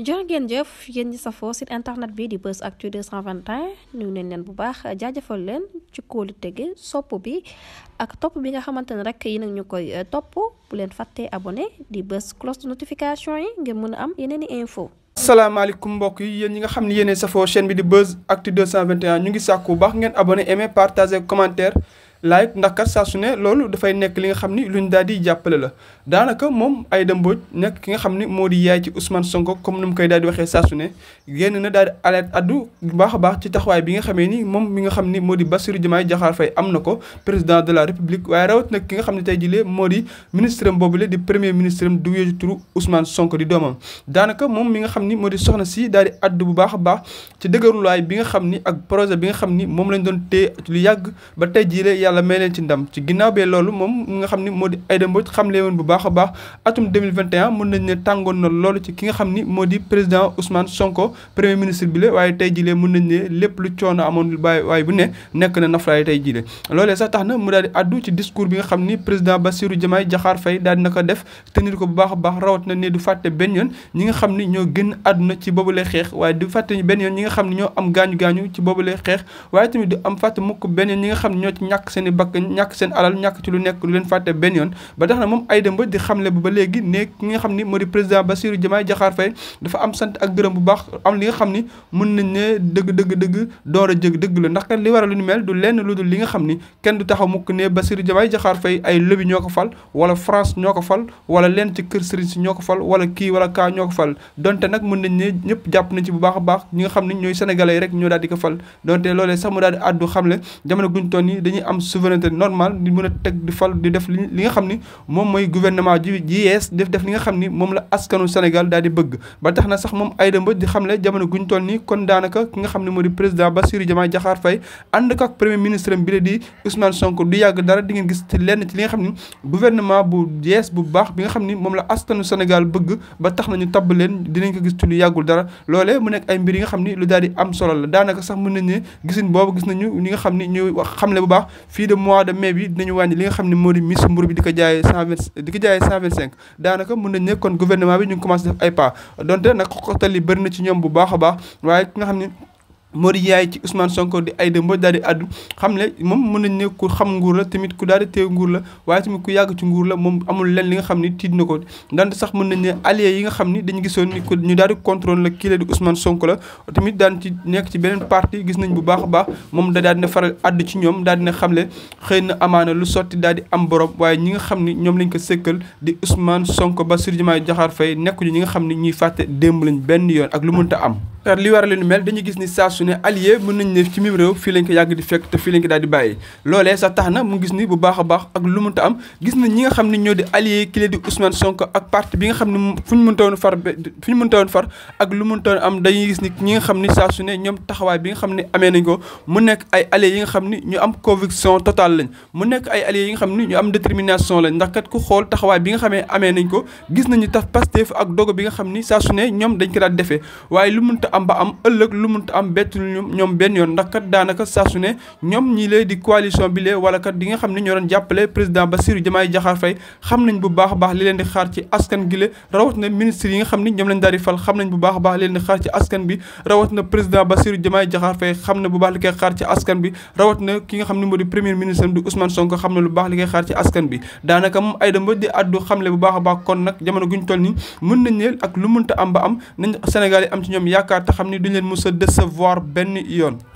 jërë ngeen jëf yéen ñi safoo site internet bi di Buzz Actu 221 ñu neen leen bu baax jaajëfal leen ci kóolu tege sopp bi ak topp bi nga xamante ne rek yi nag ñu koy eh, topp bu leen fàttee abone di bës cloche de notification yi ngir mën a am yeneen i info salaamaaleykum mbokk yi yéen ñi nga xam ne yéenee safoo chaîne bi di Buzz Actu 221 ñu ngi sàkku bu baax ngeen abonné aimé partagé commentaire like ndax kat saa su loolu dafay nekk li nga xam ni luñ daal di jàppale la daanaka moom ay Mbodj nekk ki nga xam ni moo di yaay ci Ousmane Sonko comme ni mu koy daal di waxee saa su ne génn na daal di bu baax a baax ci taxawaay bi nga xamee ni moom mi nga xam ni moo di Bassirou Diomaye Diakhar Faye am na ko président de la République waaye rawat nag ki nga xam ne tey jilee moo di ministre am boobule di premier ministre am di wéeju turu Ousmane Sonko di doomam daanaka moom mi nga xam ni moo di soxna si daal di addu bu baax a baax ci dëgërulaay bi nga xam ni ak projet bi nga xam ni moom lañ doon téye lu yàgg tey yàlla may leen ci ndam ci ginnaaw bee loolu moom nga xam ni moo di Aïda xamle woon bu baax a baax atum 2021 mën ne tàngoon na loolu ci ki nga xam ni moo di président Ousmane Sonko premier ministre bi waaye tey jilee mën nañ ne lépp lu coono amoon baay bu ne nekk na naflaay tey jilee loolee sax tax na mu daal di ci discours bi nga xam ni président Bassirou Diomaye Diakhar Faye daal na ko def tenir ko bu baax a baax rawat na ne du fàtte benn ñi seen i bakk ñàkk seen alal ñàkk ci lu nekk lu leen fàtte benn yoon ba tax na moom Aïda Mbodj di xamle ba léegi ne ki nga xam ni moo di président Bassirou Diomaye Diakhar Faye dafa am sant ak gërëm bu baax am li nga xam ni mën nañ ne dëgg dëgg dëgg dëgg la ndax kat li waral lu ñu mel du lenn lu dul li nga xam ni kenn du taxaw mukk ne Bassirou Diomaye Diakhar Faye ay lobby ñoo ko fal wala France ñoo ko fal wala lenn ci kër sëriñ si ñoo ko fal wala kii wala kaa ñoo ko fal donte nag mën nañ ne ñëpp jàpp nañ ci bu baax a baax ñi nga xam ni ñooy sénégalais rek ñoo daal di ko fal daal di àddu xamle jamono guñ toon yi dañuy souveraineté normal di mën a teg di fal di def li nga xam ni moom mooy gouvernement ji ji yees def def li nga xam ni moom la askanu Sénégal daal di bëgg ba tax na sax moom Aïda Mbodj di xam le jamono guñ toll nii kon daanaka ki nga xam ne moo di président Bassirou Diomaye Diakhar Faye ànd ko ak premier ministre bi di Ousmane Sonko du yàgg dara di ngeen gis ci lenn ci li nga xam ni gouvernement bu yees bu baax bi xam ni moom la askanu Sénégal bëgg ba tax nañu tabb leen dinañ ko gis ci lu yàggul dara loolee mu nekk ay mbir yi nga xam ni lu daal di am solo la daanaka sax mën nañ ne gisin boobu gis na ñu ñi nga xam ni ñu xamle bu baax fii de mois de mai bi dinañu wàññi li nga xam ne moo di mise mburu bi di ko jaayee cent vingt di ko jaayee cent vingt cinq daanaka mën nañ ne kon gouvernement bi ñu ngi def ay pas donte nag xoxotal yi ci ñoom bu baax a baax waaye ki nga xam ni Mori yaay ci Ousmane Sonko di Aïda Mbodj daal di xam ne moom mën nañ ne xam nguur la tamit ku daal di nguur la waaye tamit ku yàgg ci nguur la moom amul lenn li nga xam ni tiit na ko dante sax mën nañ ne alliés yi nga xam ni dañu gisoon ni ko ñu daal di contrôle la kii la Sonko la tamit daan ci nekk ci beneen parti gis nañ bu baax a moom da daal dina faral addu ci ñoom daal dina xam ne xëy na amaana lu sotti daal di am borom waaye ñi nga xam ni ñoom lañ ko sëkkal di Ousmane Sonko Bassirou Diomaye Diakhar Faye nekkuñu ñi nga xam ni ñuy fàtte démb lañ benn yoon ak lu mënta am te li waral lu mel dañu gis ni saa su ne allié mën nañu ne ci mim réew fii lañ ko yàgg di fekk te fii lañ ko daal di bàyyi loolee sax tax na mu gis ni bu baax a baax ak lu mënta am gis na ñi nga xam ne ñoo di allié kii la di Ousmane parti bi nga xam ne fu ñu mënta woon far fu ñu mënta far lu mënta am dañuy gis ni ñi nga xam ni saa su ne ñoom taxawaay bi nga xam ne amee nañ ko mu nekk ay allié yi nga xam ni ñu am conviction totale lañ mu nekk ay allié yi nga xam ni ñu am détermination lañ ndax kat ku xool taxawaay bi nga xamee amee nañ ko gis nañu taf Pastef ak dogo bi nga xam ni saa su ñoom dañ ko daal defee am ba am ëllëg lu munta am bett ñoom benn yoon ndax kat daanaka saa su ne ñoom ñi lay di coalition bi lee wala kat di nga xam ne ñoo doon jàppale président ba Diomaye Diakhar Faye xam nañ bu baax a baax li leen di xaar ci askan gi la rawat na yi nga xam ne ñoom lañ daal di fal xam nañ bu baax a baax li leen di xaar ci askan bi rawat na président Bassirou Diomaye Diakhar Faye xam na bu baax li koy xaar askan bi rawat na ki nga xam ne moo di premier ministre di Ousmane Sonko xam na lu baax li koy xaar ci askan bi daanaka moom ay damba di addu xamle bu baax a baax kon nag jamono guñ toll ni mën nañ ne ak lu mun munta am ba am nañ Sénégal yi am ñoom yaakaar te xam ni duñ leen mës a décevoir benn yoon.